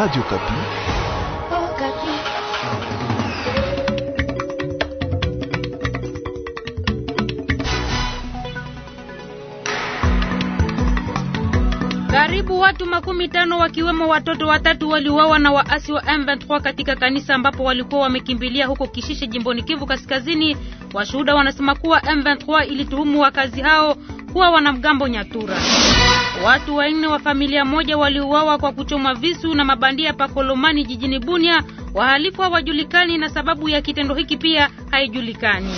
Radio Kapi. Oh, Kapi. Karibu watu makumi tano wakiwemo watoto watatu waliuawa na waasi wa M23 katika kanisa ambapo walikuwa wamekimbilia huko Kishishe jimboni Kivu Kaskazini. Washuhuda wanasema kuwa M23 ilituhumu wakazi hao kuwa wanamgambo nyatura. Watu wanne wa familia moja waliuawa kwa kuchomwa visu na mabandia pa Kolomani jijini Bunia. Wahalifu hawajulikani na sababu ya kitendo hiki pia haijulikani.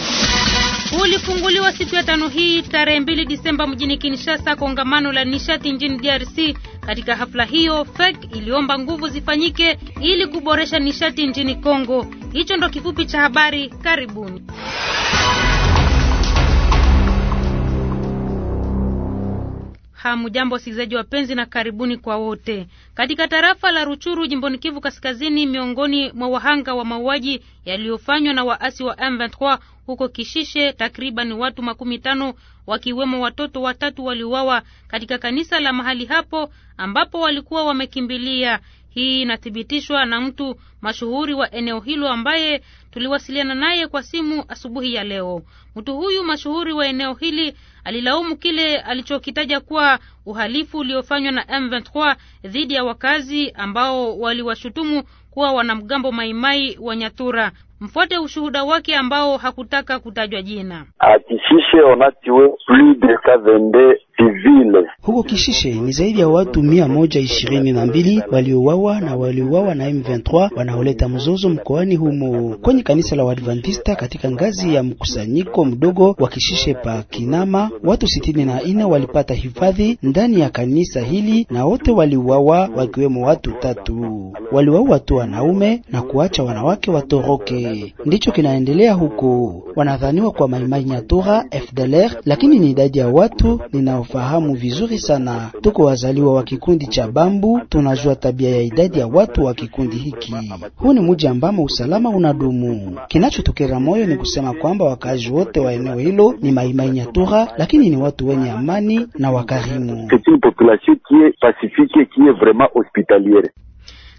Ulifunguliwa siku ya tano hii tarehe 2 Disemba mjini Kinshasa kongamano la nishati nchini DRC. Katika hafla hiyo, FEC iliomba nguvu zifanyike ili kuboresha nishati nchini Kongo. Hicho ndo kifupi cha habari, karibuni. Hamujambo wasikilizaji wapenzi, na karibuni kwa wote. Katika tarafa la Ruchuru jimboni Kivu Kaskazini, miongoni mwa wahanga wa mauaji yaliyofanywa na waasi wa M23 huko Kishishe, takriban watu makumi tano wakiwemo watoto watatu waliuawa katika kanisa la mahali hapo ambapo walikuwa wamekimbilia. Hii inathibitishwa na mtu mashuhuri wa eneo hilo ambaye tuliwasiliana naye kwa simu asubuhi ya leo. Mtu huyu mashuhuri wa eneo hili alilaumu kile alichokitaja kuwa uhalifu uliofanywa na M23 dhidi ya wakazi ambao waliwashutumu kuwa wanamgambo Maimai wa Nyatura. Mfuate ushuhuda wake ambao hakutaka kutajwa jina civile. Huko Kishishe ni zaidi ya watu mia moja ishirini na mbili waliouawa na waliouawa na M23 wanaoleta mzozo mkoani humo. Kwenye kanisa la Waadventista katika ngazi ya mkusanyiko mdogo wa Kishishe pa Kinama, watu sitini na nne walipata hifadhi ndani ya kanisa hili na wote waliuawa, wakiwemo watu tatu. Waliwaua tu wanaume na kuacha wanawake watoroke. Ndicho kinaendelea huko. Wanadhaniwa kwa Maimai Nyatura FDLR, lakini ni idadi ya watu ninao tunaufahamu vizuri sana. Tuko wazaliwa wa kikundi cha Bambu, tunajua tabia ya idadi ya watu wa kikundi hiki. Huu ni mji ambamo usalama unadumu. Kinachotokera moyo ni kusema kwamba wakazi wote wa eneo hilo ni Maimai Nyatura, lakini ni watu wenye amani na wakarimu.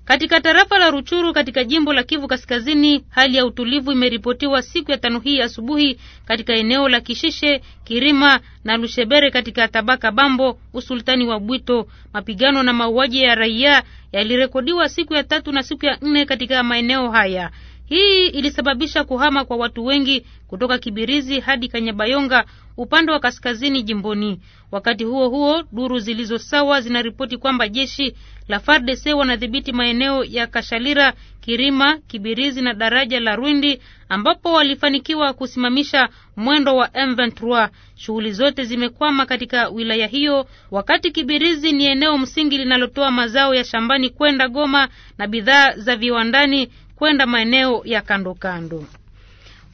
Katika tarafa la Ruchuru katika jimbo la Kivu Kaskazini, hali ya utulivu imeripotiwa siku ya tano hii asubuhi katika eneo la Kishishe, Kirima na Lushebere katika tabaka Bambo, usultani wa Bwito. Mapigano na mauaji ya raia yalirekodiwa siku ya tatu na siku ya nne katika maeneo haya. Hii ilisababisha kuhama kwa watu wengi kutoka Kibirizi hadi Kanyabayonga upande wa kaskazini jimboni. Wakati huo huo, duru zilizo sawa zinaripoti kwamba jeshi la FARDC wanadhibiti maeneo ya Kashalira, Kirima, Kibirizi na daraja la Rwindi ambapo walifanikiwa kusimamisha mwendo wa M23. Shughuli zote zimekwama katika wilaya hiyo, wakati Kibirizi ni eneo msingi linalotoa mazao ya shambani kwenda Goma na bidhaa za viwandani kwenda maeneo ya kando kando.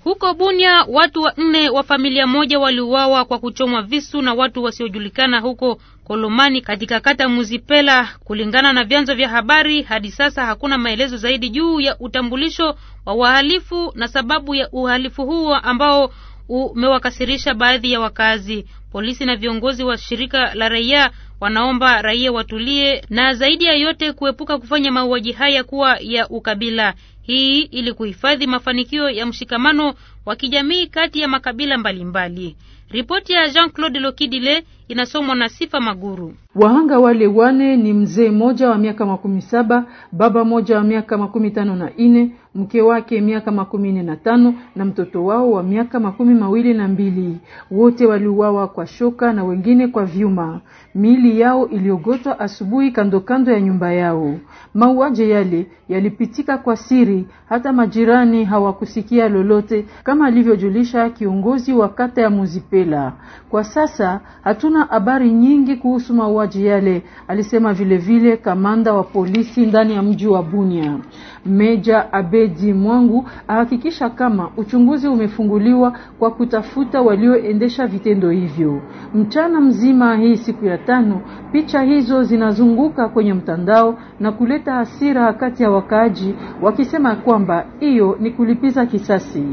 Huko Bunia watu wanne wa familia moja waliuawa kwa kuchomwa visu na watu wasiojulikana huko Kolomani katika kata Muzipela. Kulingana na vyanzo vya habari, hadi sasa hakuna maelezo zaidi juu ya utambulisho wa wahalifu na sababu ya uhalifu huo ambao umewakasirisha baadhi ya wakazi. Polisi na viongozi wa shirika la raia wanaomba raia watulie na zaidi ya yote kuepuka kufanya mauaji haya kuwa ya ukabila, hii ili kuhifadhi mafanikio ya mshikamano wa kijamii kati ya makabila mbalimbali mbali. Ripoti ya Jean-Claude Lokidile inasomwa na Sifa Maguru. Wahanga wale wane ni mzee mmoja wa miaka makumi saba, baba mmoja wa miaka makumi tano na ine mke wake miaka makumi nne na tano na mtoto wao wa miaka makumi mawili na mbili. Wote waliuawa kwa shoka na wengine kwa vyuma miili yao iliogotwa asubuhi kando kando ya nyumba yao. Mauaji yale yalipitika kwa siri, hata majirani hawakusikia lolote, kama alivyojulisha kiongozi wa kata ya Muzipela. Kwa sasa hatuna habari nyingi kuhusu mauaji yale, alisema vilevile vile kamanda wa polisi ndani ya mji wa Bunia. Meja Abedi Mwangu ahakikisha kama uchunguzi umefunguliwa kwa kutafuta walioendesha vitendo hivyo mchana mzima hii siku ya tano. Picha hizo zinazunguka kwenye mtandao na kuleta hasira kati ya wakaaji, wakisema kwamba hiyo ni kulipiza kisasi.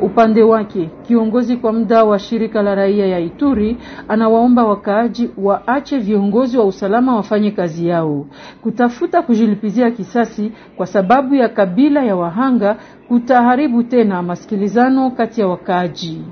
Upande wake, kiongozi kwa muda wa shirika la raia ya Ituri anawaomba wakaaji waache viongozi wa usalama wafanye kazi yao, kutafuta kujilipizia kisasi kwa sababu ya kabila ya wahanga kutaharibu tena masikilizano kati ya wakaaji.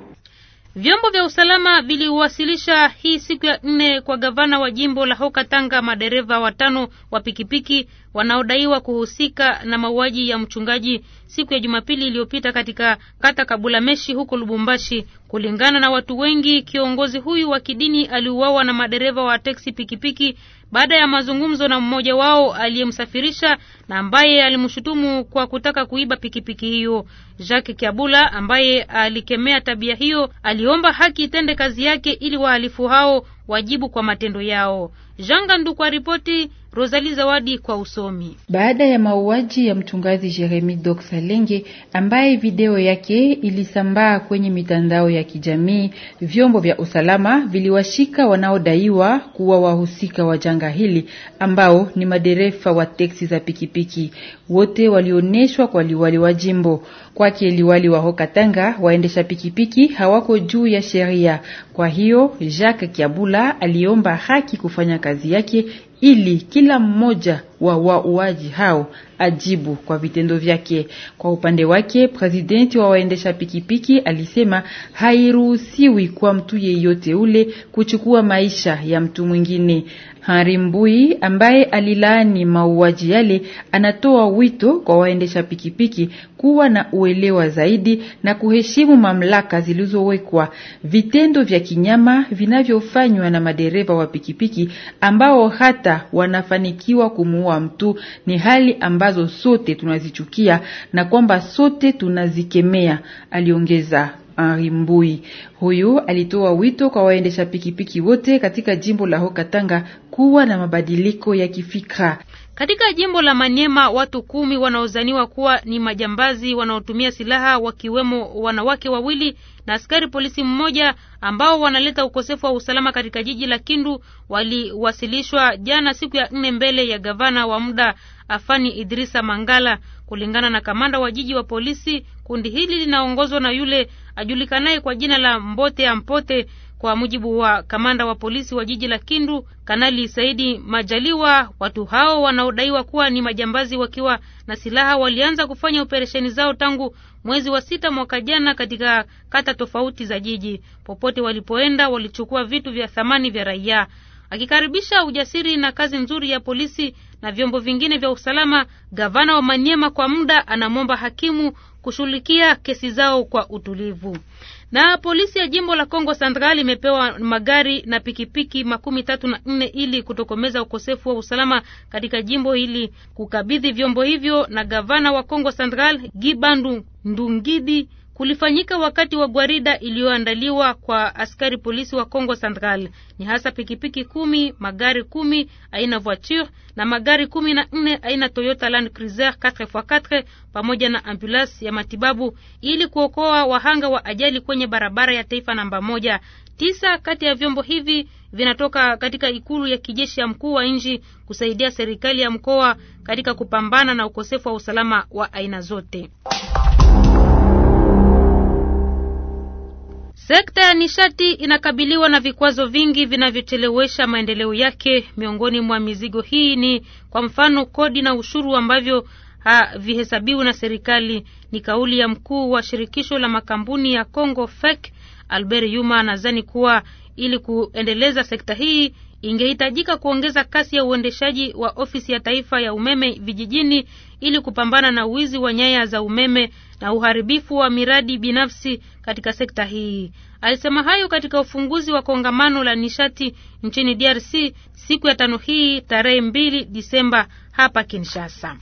Vyombo vya usalama viliwasilisha hii siku ya nne kwa gavana wa jimbo la hoka tanga madereva watano wa pikipiki wanaodaiwa kuhusika na mauaji ya mchungaji siku ya Jumapili iliyopita katika kata kabula meshi huko Lubumbashi. Kulingana na watu wengi, kiongozi huyu wa kidini aliuawa na madereva wa teksi pikipiki baada ya mazungumzo na mmoja wao aliyemsafirisha na ambaye alimshutumu kwa kutaka kuiba pikipiki hiyo. Jacques Kiabula ambaye alikemea tabia hiyo aliomba haki itende kazi yake ili wahalifu hao wajibu kwa matendo yao. Janga Ndu kwa ripoti Rosali Zawadi kwa usomi. Baada ya mauaji ya mchungaji Jeremy Doksalenge ambaye video yake ilisambaa kwenye mitandao ya kijamii, vyombo vya usalama viliwashika wanaodaiwa kuwa wahusika wa janga hili ambao ni madereva wa teksi za pikipiki. Wote walioneshwa kwa liwali wa jimbo. Kwake liwali wa Hokatanga, waendesha pikipiki hawako juu ya sheria. Kwa hiyo Jacques Kiabula aliomba haki kufanya kazi yake ili kila mmoja wa wauaji hao ajibu kwa vitendo vyake. Kwa upande wake, presidenti wa waendesha pikipiki alisema hairuhusiwi kwa mtu yeyote ule kuchukua maisha ya mtu mwingine. Hari Mbui ambaye alilaani mauaji yale anatoa wito kwa waendesha pikipiki kuwa na uelewa zaidi na kuheshimu mamlaka zilizowekwa. Vitendo vya kinyama vinavyofanywa na madereva wa pikipiki ambao hata wanafanikiwa kumu kumuua mtu ni hali ambazo sote tunazichukia na kwamba sote tunazikemea, aliongeza. Henri Mbui huyu alitoa wito kwa waendesha pikipiki wote katika jimbo la Haut-Katanga kuwa na mabadiliko ya kifikra. Katika jimbo la Manyema watu kumi wanaozaniwa kuwa ni majambazi wanaotumia silaha wakiwemo wanawake wawili na askari polisi mmoja ambao wanaleta ukosefu wa usalama katika jiji la Kindu waliwasilishwa jana siku ya nne mbele ya gavana wa muda Afani Idrisa Mangala. Kulingana na kamanda wa jiji wa polisi, kundi hili linaongozwa na yule ajulikanaye kwa jina la Mbote Ampote kwa mujibu wa kamanda wa polisi wa jiji la Kindu, Kanali Saidi Majaliwa, watu hao wanaodaiwa kuwa ni majambazi wakiwa na silaha walianza kufanya operesheni zao tangu mwezi wa sita mwaka jana katika kata tofauti za jiji. Popote walipoenda, walichukua vitu vya thamani vya raia. Akikaribisha ujasiri na kazi nzuri ya polisi na vyombo vingine vya usalama, gavana wa Maniema kwa muda anamwomba hakimu kushughulikia kesi zao kwa utulivu. Na polisi ya jimbo la Kongo Central imepewa magari na pikipiki makumi tatu na nne ili kutokomeza ukosefu wa usalama katika jimbo hili. Kukabidhi vyombo hivyo na gavana wa Kongo Central Gibandu Ndungidi kulifanyika wakati wa gwarida iliyoandaliwa kwa askari polisi wa Kongo Central. Ni hasa pikipiki kumi, magari kumi aina voiture na magari kumi na nne aina Toyota Land Cruiser 4x4 pamoja na ambulance ya matibabu ili kuokoa wahanga wa ajali kwenye barabara ya taifa namba moja. Tisa kati ya vyombo hivi vinatoka katika ikulu ya kijeshi ya mkuu wa nchi kusaidia serikali ya mkoa katika kupambana na ukosefu wa usalama wa aina zote. Sekta ya nishati inakabiliwa na vikwazo vingi vinavyochelewesha maendeleo yake. Miongoni mwa mizigo hii ni kwa mfano kodi na ushuru ambavyo havihesabiwi na serikali. Ni kauli ya mkuu wa shirikisho la makampuni ya Congo FEC Albert Yuma. anazani kuwa ili kuendeleza sekta hii ingehitajika kuongeza kasi ya uendeshaji wa ofisi ya taifa ya umeme vijijini ili kupambana na wizi wa nyaya za umeme na uharibifu wa miradi binafsi katika sekta hii. Alisema hayo katika ufunguzi wa kongamano la nishati nchini DRC siku ya tano hii tarehe mbili Disemba hapa Kinshasa.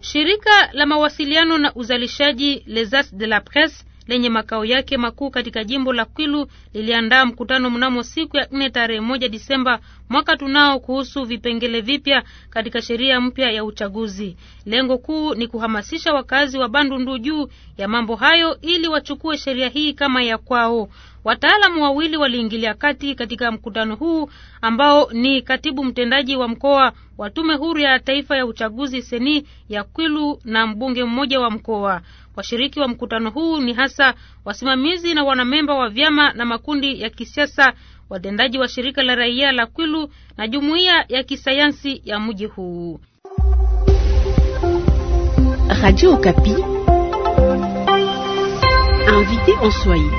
Shirika la mawasiliano na uzalishaji les as de la Presse lenye makao yake makuu katika jimbo la Kwilu liliandaa mkutano mnamo siku ya nne tarehe moja Disemba mwaka tunao kuhusu vipengele vipya katika sheria mpya ya uchaguzi. Lengo kuu ni kuhamasisha wakazi wa Bandundu juu ya mambo hayo ili wachukue sheria hii kama ya kwao. Wataalamu wawili waliingilia kati katika mkutano huu ambao ni katibu mtendaji wa mkoa wa Tume Huru ya Taifa ya Uchaguzi seni ya Kwilu na mbunge mmoja wa mkoa. Washiriki wa mkutano huu ni hasa wasimamizi na wanamemba wa vyama na makundi ya kisiasa, watendaji wa shirika la raia la Kwilu na jumuiya ya kisayansi ya mji huu. Radio Okapi invité en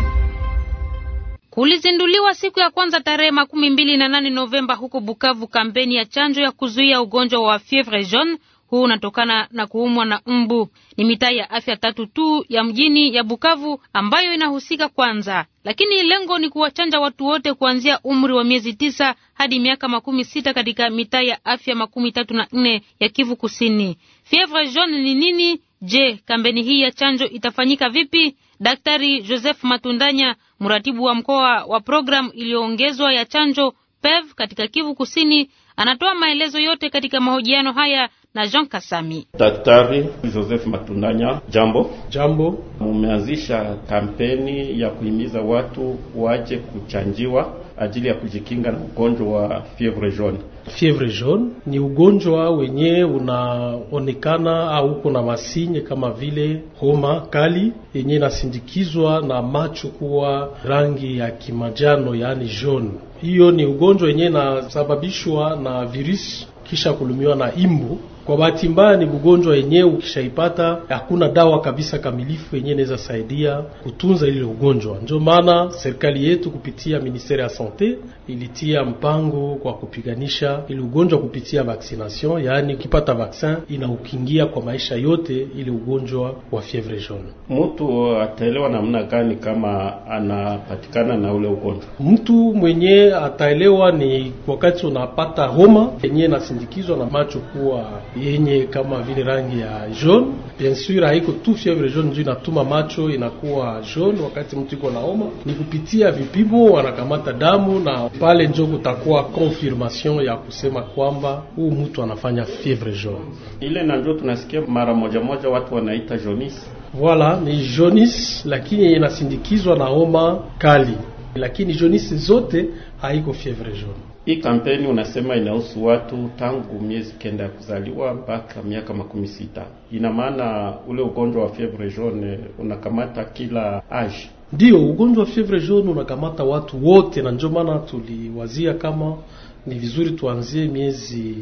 Kulizinduliwa siku ya kwanza tarehe makumi mbili na nane Novemba huko Bukavu kampeni ya chanjo ya kuzuia ugonjwa wa fievre jaune huu unatokana na kuumwa na mbu. Ni mitaa ya afya tatu tu ya mjini ya Bukavu ambayo inahusika kwanza, lakini lengo ni kuwachanja watu wote kuanzia umri wa miezi tisa hadi miaka makumi sita katika mitaa ya afya makumi tatu na nne ya Kivu Kusini. Fievre jaune ni nini? Je, kampeni hii ya chanjo itafanyika vipi? Daktari Joseph Matundanya, mratibu wa mkoa wa programu iliyoongezwa ya chanjo PEV katika Kivu Kusini, anatoa maelezo yote katika mahojiano haya na Jean Kasami. Daktari Joseph Matunanya, jambo jambo. Mumeanzisha kampeni ya kuhimiza watu waje kuchanjiwa ajili ya kujikinga na ugonjwa wa fievre jaune. Fievre jaune ni ugonjwa wenye unaonekana au uko na masinye kama vile homa kali yenye inasindikizwa na macho kuwa rangi ya kimajano, yaani jaune. Hiyo ni ugonjwa wenye inasababishwa na virusi kisha kulumiwa na imbu kwa bahati mbaya, ni mgonjwa yenyewe ukishaipata, hakuna dawa kabisa kamilifu yenyewe inaweza saidia kutunza ile ugonjwa. Ndio maana serikali yetu kupitia ministeri ya sante ilitia mpango kwa kupiganisha ile ugonjwa kupitia vaccination, yaani ukipata vaksin inaukingia kwa maisha yote ile ugonjwa wa fievre jaune. Mtu ataelewa namna gani kama anapatikana na ule ugonjwa? Mtu mwenye ataelewa ni wakati unapata homa yenyewe inasindikizwa na macho kuwa yenye kama vile rangi ya jaune. Bien sur haiko tu fievre jaune juu inatuma macho inakuwa jaune wakati mtu iko na homa. Ni kupitia vipimo wanakamata damu, na pale njo kutakuwa confirmation ya kusema kwamba huu mtu anafanya fievre jaune. Ile na njo tunasikia mara moja moja watu wanaita jaunisse. Voilà, ni jaunisse lakini inasindikizwa na homa kali, lakini jaunisse zote haiko fievre jaune. Hii kampeni unasema inahusu watu tangu miezi kenda ya kuzaliwa mpaka miaka makumi sita. Ina maana ule ugonjwa wa fievre jaune unakamata kila age? Ndiyo, ugonjwa wa fievre jaune unakamata watu wote, na ndio maana tuliwazia kama ni vizuri tuanzie miezi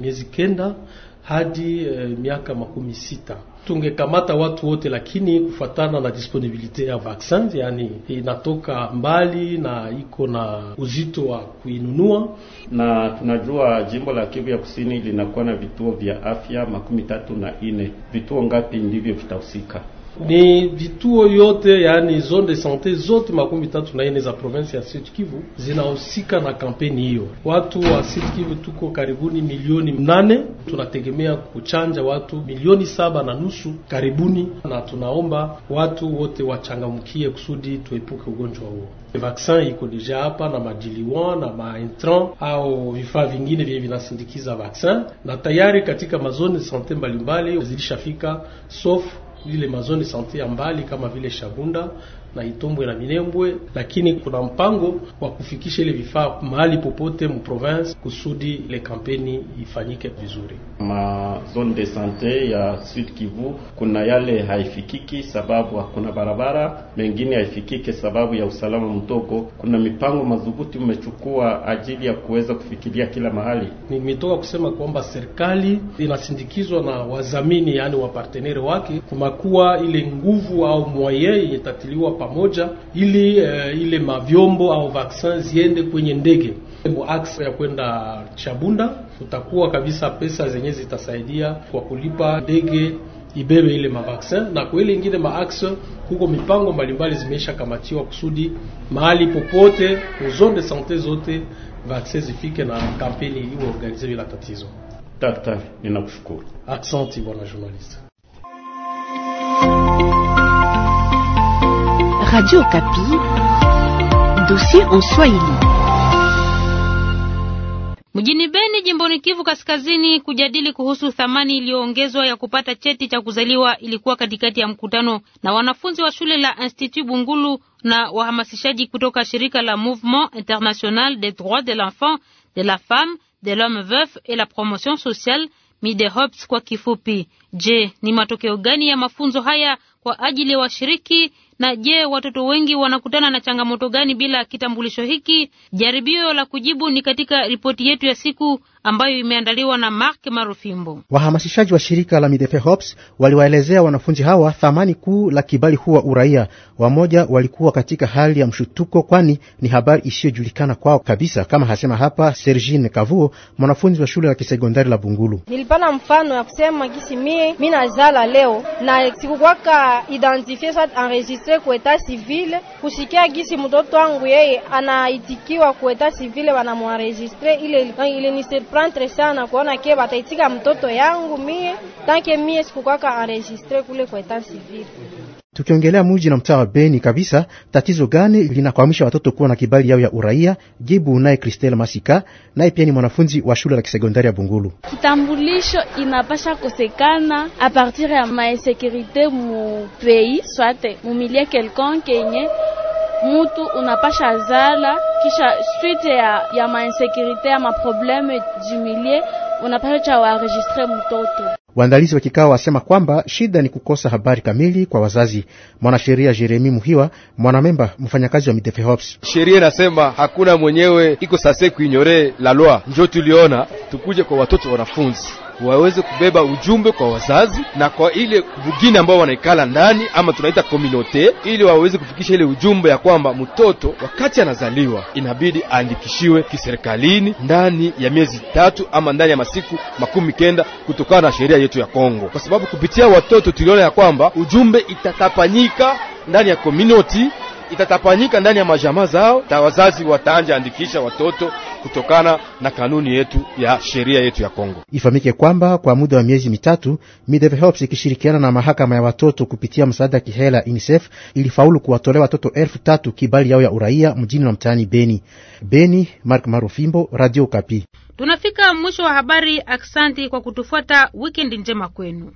miezi kenda hadi eh, miaka makumi sita tungekamata watu wote, lakini kufatana na disponibilite ya vaksin, yani inatoka mbali na iko na uzito wa kuinunua. Na tunajua jimbo la Kivu ya Kusini linakuwa na vituo vya afya makumi tatu na ine. Vituo ngapi ndivyo vitahusika? ni vituo yote yani zone de sante zote makumi tatu na ine za province ya Sud Kivu zinahusika na kampeni hiyo. Watu wa Sud Kivu tuko karibuni milioni mnane, tunategemea kuchanja watu milioni saba na nusu karibuni, na tunaomba watu wote wachangamkie kusudi tuepuke ugonjwa huo. Vaksin iko deja hapa na madiliwan na maintran au vifaa vingine vyenye vinasindikiza vaksin, na tayari katika mazone de sante mbalimbali zilishafika sofu zile mazoni sante ya mbali kama vile Shabunda na Itombwe na Minembwe, lakini kuna mpango wa kufikisha ile vifaa mahali popote province kusudi le kampeni ifanyike vizuri. Ma zone de sante ya Sud Kivu kuna yale haifikiki sababu hakuna barabara, mengine haifikiki sababu ya usalama mdogo. Kuna mipango madhubuti umechukua ajili ya kuweza kufikiria kila mahali. Nimetoka kusema kwamba serikali inasindikizwa na wazamini, yaani waparteneri wake, kumakuwa ile nguvu au mwaye itatiliwa pamoja ili uh, ile mavyombo au vaksin ziende kwenye ndege axe ya kwenda Chabunda. Kutakuwa kabisa pesa zenye zitasaidia kwa kulipa ndege ibebe ile mavaccin na kwa ile ingine maaxe, huko mipango mbalimbali zimeisha kamatiwa kusudi mahali popote zone de sante zote vaksin zifike na kampeni iwe organize bila tatizo. Daktari, ninakushukuru. Asante bwana journalist. Radio Kapi. Dossier en Swahili. Mjini Beni jimboni Kivu Kaskazini kujadili kuhusu thamani iliyoongezwa ya kupata cheti cha kuzaliwa ilikuwa katikati ya mkutano na wanafunzi wa shule la Institut Bungulu na wahamasishaji kutoka shirika la Mouvement International des Droits de l'Enfant, de la Femme, de l'Homme Veuf et la Promotion Sociale MIDEHOPS kwa kifupi. Je, ni matokeo gani ya mafunzo haya kwa ajili ya washiriki? Na je, watoto wengi wanakutana na changamoto gani bila kitambulisho hiki? Jaribio la kujibu ni katika ripoti yetu ya siku ambayo imeandaliwa na Mark Marufimbo. Wahamasishaji wa shirika la Midefe hops waliwaelezea wanafunzi hawa thamani kuu la kibali huwa uraia. Wamoja walikuwa katika hali ya mshutuko, kwani ni habari isiyojulikana kwao kabisa, kama hasema hapa Sergine Kavuo, mwanafunzi wa shule la kisekondari la Bungulu. Nilipana mfano ya kusema gisi mie mi nazala leo na sikukwaka identifie soit enregistre registre ku eta civile kusikia gisi mtoto wangu yeye anaitikiwa ku eta civile, wanamwaregistre. Ile ilinisurprendre sana kuona ke bataitika mtoto yangu mie tanke mie sikukwaka enregistre kule ku eta civile. Tukiongelea muji na mtaa wa Beni kabisa, tatizo gani linakwamisha watoto kuwa na kibali yao ya uraia? Jibu naye Kristel Masika, naye pia ni mwanafunzi wa shule la kisekondari ya Bungulu. Kitambulisho inapasha kosekana a partir ya mainsekurite mu pays swate mumilie quelconque yenye mutu unapasha zala kisha suite ya, ya mainsekurite ya maprobleme du wanapasha waenregistre mtoto. Waandalizi wa kikao wasema kwamba shida ni kukosa habari kamili kwa wazazi. Mwanasheria Jeremi Muhiwa, mwanamemba mfanyakazi wa Midefehops: sheria inasema hakuna mwenyewe iko sase kuinyoree la loi, njo tuliona tukuje kwa watoto wanafunzi waweze kubeba ujumbe kwa wazazi na kwa ile vugine ambao wanaikala ndani ama tunaita kominote, ili waweze kufikisha ile ujumbe ya kwamba mtoto wakati anazaliwa inabidi aandikishiwe kiserikalini ndani ya miezi tatu ama ndani ya masiku makumi kenda kutokana na sheria yetu ya Kongo, kwa sababu kupitia watoto tuliona ya kwamba ujumbe itatapanyika ndani ya community itatapanyika ndani ya majama zao, na wazazi wataanja andikisha watoto kutokana na kanuni yetu ya sheria yetu ya Kongo. Ifahamike kwamba kwa muda wa miezi mitatu Helps ikishirikiana na mahakama ya watoto kupitia msaada wa kihela UNICEF ilifaulu kuwatolea watoto elfu tatu kibali yao ya uraia mjini na mtaani Beni. Beni, Mark Marufimbo, Radio Kapi. Tunafika mwisho wa habari. Aksanti kwa kutufuata. Wikendi njema kwenu.